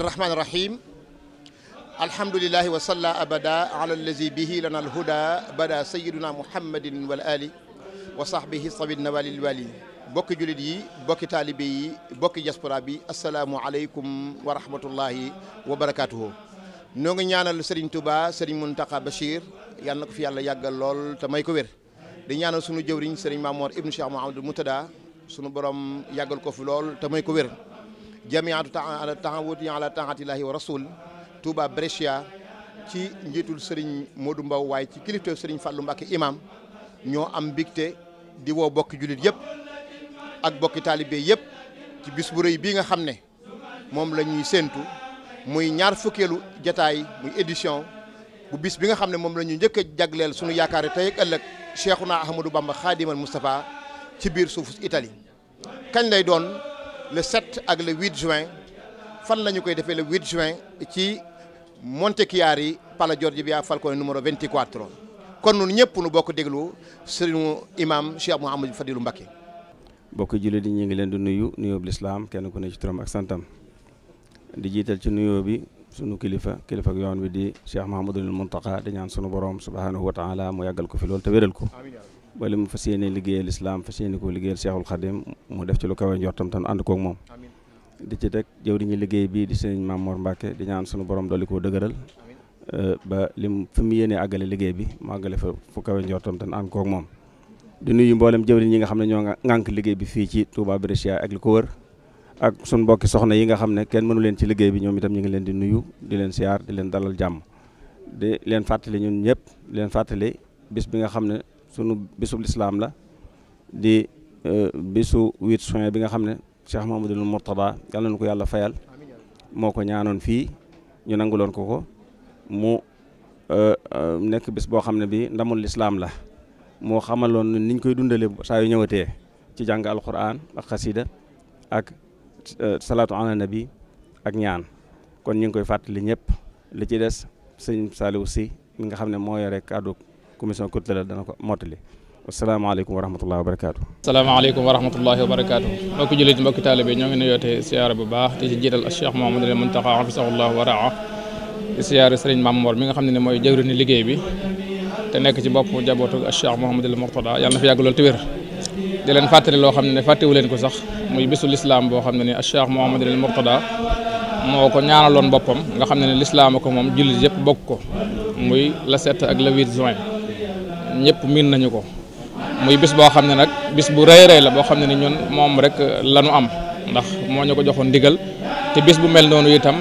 bismillahi rahmaani rahim alhamdulilahi wa salla abada ala allazi bihi lana alhuda bada sayiduna muhammadin wal ali wa sahbihi sabin nawalil wali bokki jullit yi bokki taalibe yi bokki diaspora bi asalaamu aleykum wa rahmatullahi wa barakatuhu noo ngi ñaanal Serigne Touba Serigne Mountakha Bachir yal na ko fi yàlla yàggal lool te may ko wér di ñaanal sunu jëwriñ Serigne Mamour Ibn Cheikh Mouhamadou Moutada sunu borom yàggal ko fi lool te may ko wér jamiatu ala taawudi ala taatillahi wa rasul Touba Brescia ci njiitul sëriñ Modou Mbaw waaye ci kilifteef sëriñ Fallou Mbacké imam ñoo am mbégte di woo bokki jullit yëpp ak bokki taalibe yëpp ci bis bu rëy bii nga xam ne moom la ñuy séentu muy ñaar fukkeelu jataay muy édition bu bis bi nga xam ne moom la ñu njëkk a jagleel sunu yaakaar tey ak ëllëg Cheikhuna Ahmadou Bamba Khadimal Moustapha ci biir suufu Italie kañ lay doon le 7 ak le 8 juin fan la ñu koy defee le 8 juin ci Montechiari Pala Giorgi Via Falcone numéro 24 kon ñun ñëpp nu bokk déglu sëriñu imam Cheikh Mouhamadou Fadilou Mbacké bokk jullit di ñu ngi leen di nuyu nuyoo lislaam kenn ku ne ci turam ak santam di jiital ci nuyoo bi sunu kilifa kilifa ak yoon wi di Cheikh Mouhamadou Mountakha di ñaan sunu borom subhanahu wa taala mu yàggal ko fi loolu te wéral ko. ba li mu fas yéene liggéeyal islaam fas yéene koo liggéeyal Seexul Xadim mu def ci lu kawe njortam tan ànd koog moom di liggéey bii di sëriñ Maam Mor Mbàkke di ñaan sunu borom dolli koo dëgëral eh, ba lim fi mu àggale liggéey bi mu àggale fa fu kawe njortam tan ànd koog moom di nuyu mboolem jëwriñ yi nga xam ne ñoo ŋànk liggéey bi fii ci Touba Brescia ak li ko wër ak sunu mbokki soxna yi nga xam ne kenn mënu leen ci liggéey bi ñoom itam ñu ngi leen di nuyu di leen siyaar di leen dalal jàmm di leen fàttali ñun ñëpp di leen fàttali bis bi nga xam ne sunu bisub lislaam la di e, bisu 8 juin bi nga xam ne Cheikh Mahamadul Murtada yàlla na ko yàlla fayal moo ko ñaanoon fii ñu nanguloon ko ko mu e, e, nekk bis boo xam ne bi ndamul lislaam la moo xamaloon niñ koy dundalee saa yu ñëwatee ci jàng alquran ak xasida ak salaatu ala ak ñaan kon ñu ngi koy fàttali ñëpp li ci des sëñ Saliou si mi nga xam ne moo yore kàddu commission culturelle dana ko mottali asalaamaaleykum wa rahmatullahi wa barakaatu. asalaamaaleykum wa rahmatullahi wa barakaatu mbokki jullit mbokki taalibe ñoo ngi nuyootee siyaara bu baax te ci jiital Maam Mor mi nga xam ne mooy jëwriñu liggéey bi te nekk ci bopp jabootu Cheikh Mouhamadul Mourtada yàlla na fi yàgg lool te wér di leen fàttali loo xam ne fàttewu leen ko sax muy bisu lislaam boo xam ne ni Cheikh Mouhamadul Mourtada moo ko ñaanaloon boppam nga xam ne ne lislaam ko moom jullit yëpp bokk ko muy la set ak le huit juin ñëpp miin nañu ko muy bis boo xam ne nag bis bu rëy rey la boo xam ne ni ñun moom rek la nu am ndax moo ñu ko joxoon ndigal te bis bu mel noonu itam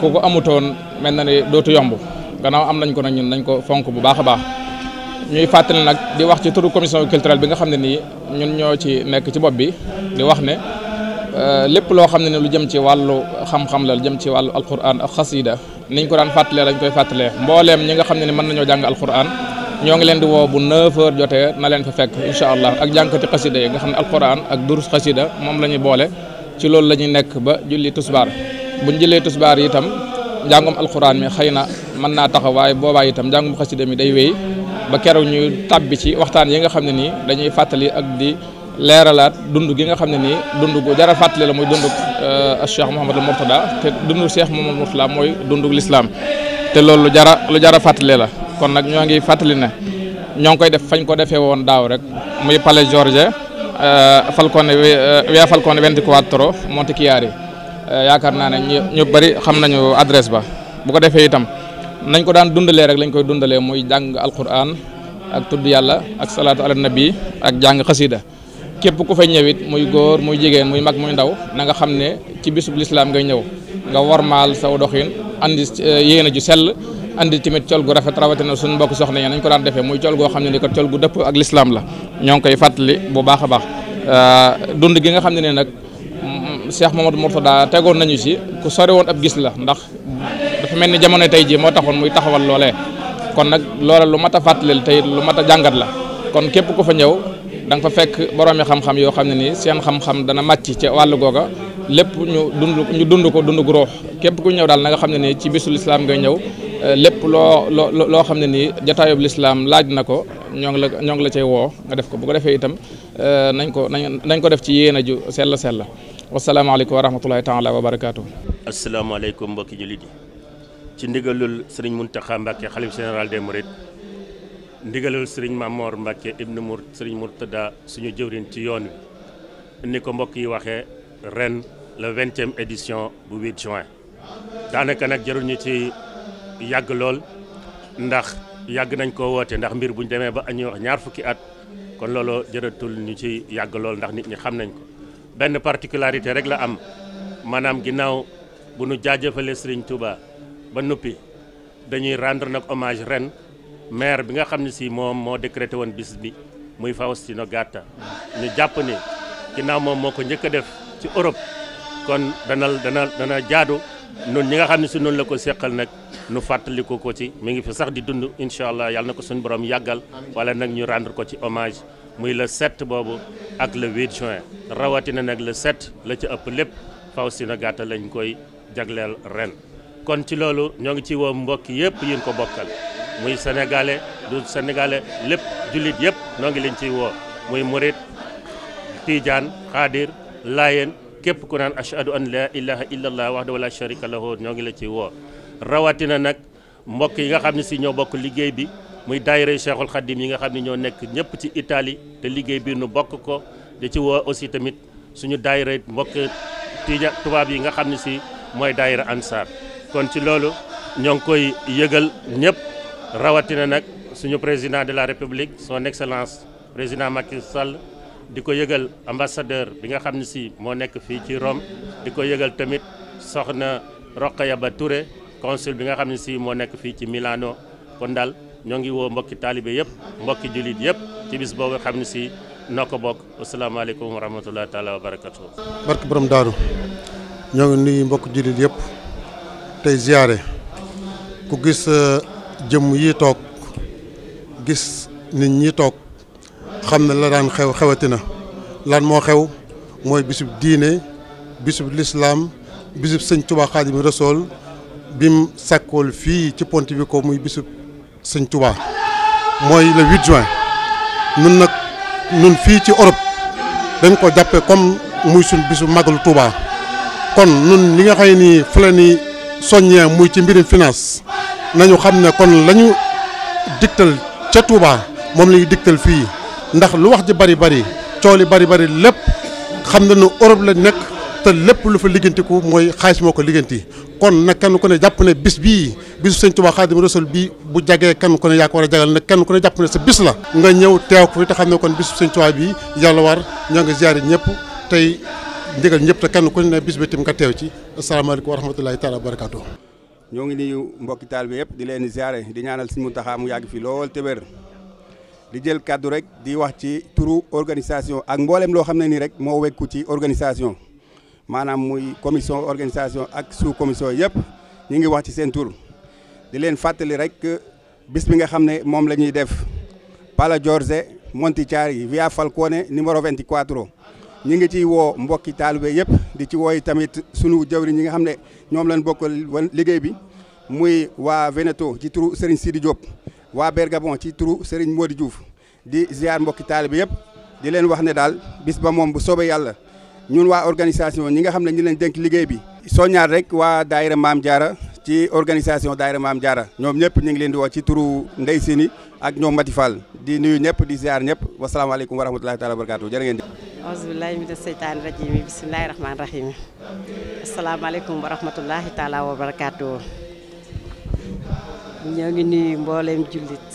ku ko amutoon mel na ni dootu yomb gannaaw am nañ ko nag ñun nañ ko fonk bu baax a baax ñuy fàttali nag di wax ci turu commission culturelle bi nga xam ne nii ñun ñoo ci nekk ci bopp bi di wax ne euh, lépp loo xam ne ni lu jëm ci wàllu xam-xam la lu jëm ci wàllu alquran ak xasida niñ ko daan fàttalee lañ koy fàttalee mbooleem ñi nga xam ne ni mën nañoo jàng alquran ñoo ngi leen di woo bu 9h jotee na leen fa fekk incha allah ak jànkati xasida yi nga xam ne alquran ak durus xasida moom la ñuy boole ci loolu la ñuy nekk ba julli tusbaar buñ jëlee tusbaar yi itam njàngum alquran mi xëy na mën naa taxaw waaye boobaa itam njàngum xasida mi day wéy ba keroog ñuy tàbbi ci waxtaan yi nga xam ne nii dañuy fàttali ak di leeralaat dund gi nga xam ne nii dund gu jara fàttali la mooy dundu euh, Cheikh Mouhamadul Mourtada te dundu Cheikh Mouhamadul Mourtada mooy dundu lislaam te loolu lu jara lu jara fàttali la kon nag ñoo ngi fàttali ne ñoo ngi koy def fañ ko defee woon daaw rek muy Palais Georges euh, Falcone euh, Via Falcone 24 Montichiari euh, yaakaar naa ne ñu bari xam nañu adresse ba bu ko defee itam nañ ko daan dundalee rek lañ koy dundalee muy jàng alquran ak tudd yàlla ak salaatu ala nabi ak jàng xasida képp ku fa ñëwit muy góor muy jigéen muy mag muy ndaw na nga xam ne ci bisub lislaam ngay ñëw nga warmaal saw doxin andi yéene ju sell andi tamit col gu rafet rawatina suñu mbokk soxna yi a ko daan defee muy col goo xam ne ni ko col gu dëpp ak lislaam la ñoo ngi koy fàttali bu baax a baax euh, dund gi nga xam ne ne nag mm, Cheikh Mamadou daa tegoon nañu si ku sore woon ab gis la ndax dafa mel ni jamono tey jii moo taxoon muy taxawal loolee kon nag loola lu mat a fàttalil tey lu mat a jàngat la kon képp ku fa ñëw da nga fa fekk boroomi xam-xam yoo xam ne nii seen xam-xam dana màcc ca wàllu googa lépp ñu dund ñu dund ko dund gu ruux ku ñëw daal na nga xam ne nii ci bisul islaam ngay ñëw Euh, lépp loo loo loo xam ne nii jataayub lislaam laaj na ko ñoo la ñoo ngi la cay woo nga def ko bu defee itam euh, nañ ko nañ ko def ci yéen a ju sell sell wasalaamaaleykum wa rahmatulahi taala wa barakaatu. asalaamaaleykum mbokki jullit yi ci ndigalul sëriñ Mountakha Mbacke xalif général des Mourides ndigalul sëriñ Mamor Mbacke ibnu Mour sëriñ Mourtada suñu jëwriñ ci yoon wi ni ko mbokk yi waxee ren la vingtième édition bu 8 juin daanaka nag jarul ci. yàgg lool ndax yàgg nañ koo woote ndax mbir bu ñu demee ba ñuy wax ñaar fukki at kon looloo jëratul ñu ci yàgg lool ndax nit ñi xam nañ ko benn particularité rek la am maanaam ginnaaw bu nu jaajëfalee Serigne Touba ba noppi dañuy rendre nag hommage ren maire bi nga xam ne si moom moo décrété woon bis bi muy faw Faustino Gatta ñu jàpp ni ginnaaw moom moo ko njëkk a def ci Europe kon dana dana dana jaadu noonu ñi nga xam ne si noonu la ko seqal nag nu fàttaliku ko ci mu ngi fi sax di dund incha allah yàlla na ko suñu borom yàggal wala nag ñu rendre ko ci hommage muy le 7 boobu ak le 8 juin rawatina nag le 7 la ci ëpp lépp faw si na gàtta lañ koy jagleel ren kon ci loolu ñoo ngi ci woo mbokk yëpp yéen ko bokkal muy sénégalais du sénégalais lépp jullit yëpp ñoo ngi leen ciy woo muy murit tiijaan xaadir laayeen képp ku naan ashhadu an la ilaha illallah wahdahu la sharika lahu ñoo ngi la ci woo rawatina nag mbokk yi nga xam ne si ñoo bokk liggéey bi muy daayira Cheikhul Khadim yi nga xam ne ñoo nekk ñëpp ci Italie te liggéey bi nu bokk ko da ci woo aussi tamit suñu daayira mbokk tiija tubaab yi nga xam ne si mooy daayira Ansar kon ci loolu ñoo ngi koy yëgal ñëpp rawatina nag suñu président de la république son excellence président Macky Sall di ko yëgal ambassadeur bi nga xam ne si moo nekk fii ci Rome di ko yëgal tamit soxna Rokhaya Ba Touré consul bi nga xam ne si moo nekk fii ci Milano kon daal ñoo ngi woo mbokki taalibe yëpp mbokki jullit yëpp ci bis boobu xam ne si noo ko bokk asalaamaaleykum wa rahmatullahi taala wa barakatu barke borom daaru ñoo ngi nuyu mbokki jullit yëpp tey ziyaare ku gis eh, jëmm yi toog gis nit ñi toog xam na la daan xew xewati na lan moo xew mooy bisub diine bisub lislaam bisub sëñ Tuubaa Xaadimu Rasuul bim sàkkool fii ci Pontevico muy bisub sëñ Tuubaa mooy le 8 join nun nag nun fii ci Europe dañ ko jàppe comme muy suñ bisu màggalu Tuubaa kon nun li nga xam nii la ni soññee muy ci mbirum finance nañu xam ne kon lañu diktal ca Tuubaa moom lañu diktal fii ndax lu wax ji bari bari coow li bari bari lépp xam na ne Europe la nekk te lépp lu fa liggantiku mooy xaalis moo ko ligganti kon nag kenn ku ne jàpp ne bis bii bisu sëñ Tuubaa Xaadimu Rasuul bii bu jagee kenn ku ne yaa ko war a kenn ku ne jàpp sa bis nga ñëw teew ko te xam ne kon bisu sëñ Tuubaa bii yàlla ñoo ngi ziyaare ñëpp tey ndigal ñëpp kenn ku ne bis bi tim nga teew ci asalaamaaleykum wa rahmatulahi taala wa barakaatu ñoo ngi nuyu mbokki taal bi yëpp di leen ziyaare di ñaanal Sëñ Muntaxaa mu yàgg fi lool te di jël kàddu rek di wax ci turu organisation ak mboolem loo xam ne nii rek moo wekku ci organisation maanaam muy commission organisation ak su commission yëpp ñu ngi wax ci seen tur di leen fàttali rek bis bi nga xam ne moom la ñuy def Pala Giorgio Montichiari via Falcone numéro 24 ñu ngi ciy woo mbokki taalibe yëpp di ci wooy tamit sunu jawri ñi nga xam ne ñoom lañ bokkal liggéey bi muy waa Veneto ci turu Serigne Sidi Diop waa Bergabon ci turu Serigne Modou Diouf di ziar mbokki taalibe yëpp di leen wax ne daal bis ba moom bu soobee yàlla ñun waa organisation ñi nga xam ne ñu leen dénk liggéey bi. soññaat rek waa daayira Maam jaara ci organisation daayira Maam Diarra ñoom ñëpp ñu ngi leen di wax ci turu Ndey Sini ak ñoom Mati Fall di nuyu ñëpp di ziar ñëpp wasalaamaaleykum wa rahmatulahi taala wa barakaatu jërë ngeen di. auzu billahi mina seytaani rajim bismillahi rahmaani rahim asalaamaaleykum wa rahmatulahi taala wa ñoo ngi nuyu mbooleem jullit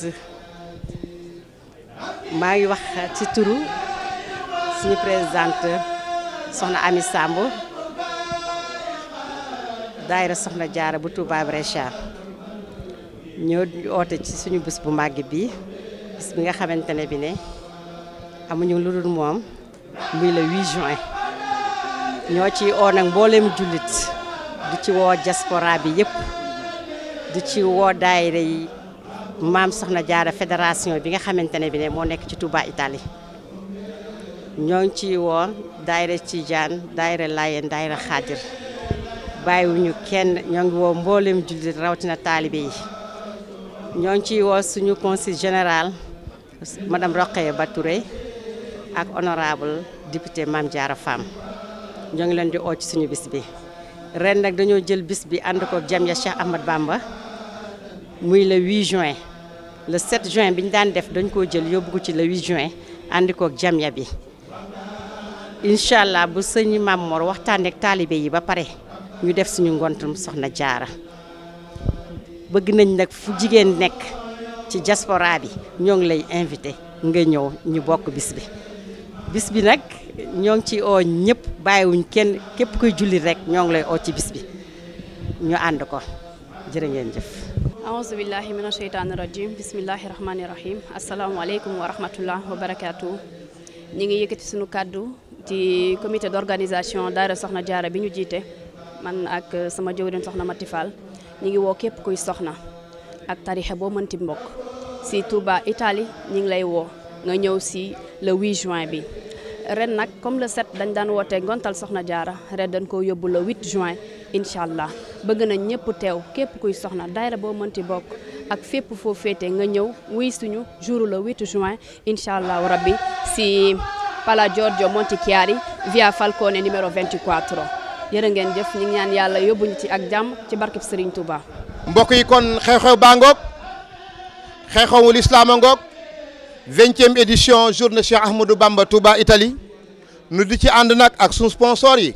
maa ngi wax ci turu suñu présidente soxna Ami Samb daayira soxna jaara bu Touba Brescia ñoo oote ci suñu bés bu màgg bi bis bi nga xamante ne bi ne amuñu lu dul moom muy le 8 juin ñoo ci oo nag mbooleem jullit di ci woo diaspora bi yëpp di ci woo daayira yi maam Soxna jaaro fédération bi nga xamante ne bi ne moo nekk ci Touba itali ñoo ngi ciy woo daayira Tijaan daayira Laayeen daayira Xaadir bàyyiwuñu kenn ñoo ngi woo mboolem jullit rawatina taalibe yi ñoo ngi ciy woo suñu conseil général madame Rokhaya Batouré ak honorable député Mame Diarra Fam ñoo ngi leen di oo ci suñu bis bi ren nag dañoo jël bis bi ànd ko jam ya Cheikh Ahmad Bamba muy le juin le 7 juin bi ñu daan def dañ koo jël yóbbu ko ci la 8 juin àndi koog jamiya bi incha allah bu sëñ Mamor waxtaanee ak taalibe yi ba pare ñu def suñu ngontum soxna jaara bëgg nañ nag fu jigéen nekk ci diaspora bi ñoo ngi lay invité ngay ñëw ñu bokk bis bi. bis bi nag ñoo ngi ci oo ñëpp bàyyiwuñ kenn képp koy julli rek ñoo ngi lay oo ci bis bi ñu ànd ko jërë ngeen jëf. ahousubillahi mina sheytaani rajim bisimillahi rahmaani rahim asalaamaaleykum wa rahmatullah wa barakaatu ñi ngi yëkkati suñu kàddu ci comité d'organisation daara soxna jaara bi ñu jiite man ak sama jëwriñ soxna Mati Fall ñi ngi woo képp kuy soxna ak tarixe boo mënti mbokk si Touba Italie ñi ngi lay woo nga ñëw si le 8 juin bi ren nag comme le 7 dañ daan woote ngontal soxna jaara ren dañ koo yóbbu le 8 juin incha allah bëgg nañ ñëpp teew képp kuy soxna daayira boo mënti bokk ak fépp foo féete nga ñëw wuy suñu jour le 8 juin incha allah rabbi si Pala Giorgio Montichiari via Falcone numéro 24 jërë ngeen jëf ñu ñaan yàlla yóbbuñu ci ak jàmm ci barkeb Serigne Touba. mbokk yi kon xew-xew baa ngoog xew-xewu lislaam a vingtième édition journée Cheikh Ahmadou Bamba Touba Italie nu di ci ànd nag ak suñu sponsor yi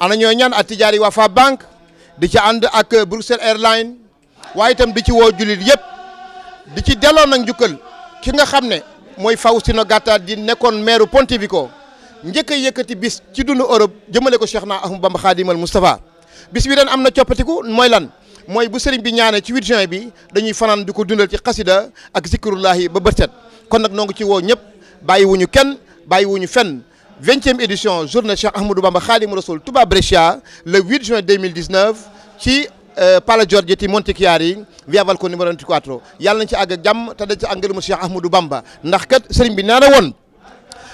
ana ñoo ñaan ak Tijaari Wafa Bank di ci ànd ak Bruxelles Airlines waaye itam di ci woo jullit yëpp di ci delloo nag njukkal ki nga xam ne mooy faw Faustino Gatta di nekkoon maire Pontevico njëkk yëkkati bis ci dund Europe jëmale ko Cheikh na Ahmadou Bamba Khadimal Moustapha bis bi ren am na coppatiku mooy lan mooy bu sëriñ bi ñaanee ci 8 juin bi dañuy fanaan di ko dundal ci xasida ak zikrullahi ba bët set kon nag noo ngi ci woo ñëpp bàyyiwuñu kenn bàyyiwuñu fenn vingtième édition journée Cheikh Ahmadou Bamba Khadim Rasoul Touba Brescia le 8 juin 2019 ci euh, Pala Giorgetti Montichiari via Valco numéro 24 yàlla nañ ci àgg ak jàmm te dañ ci àggal mu Cheikh Ahmadou Bamba ndax kat sëriñ bi nee na woon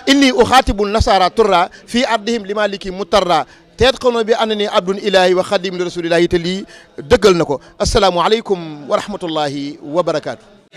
inni uxaatibu nasara turra fii ardihim li maliki mutarra teet xanoo bi ànd ni abdun ilahi wa xadim li rasulillahi te lii dëggal na ko asalaamualeykum wa rahmatullahi wa barakaatu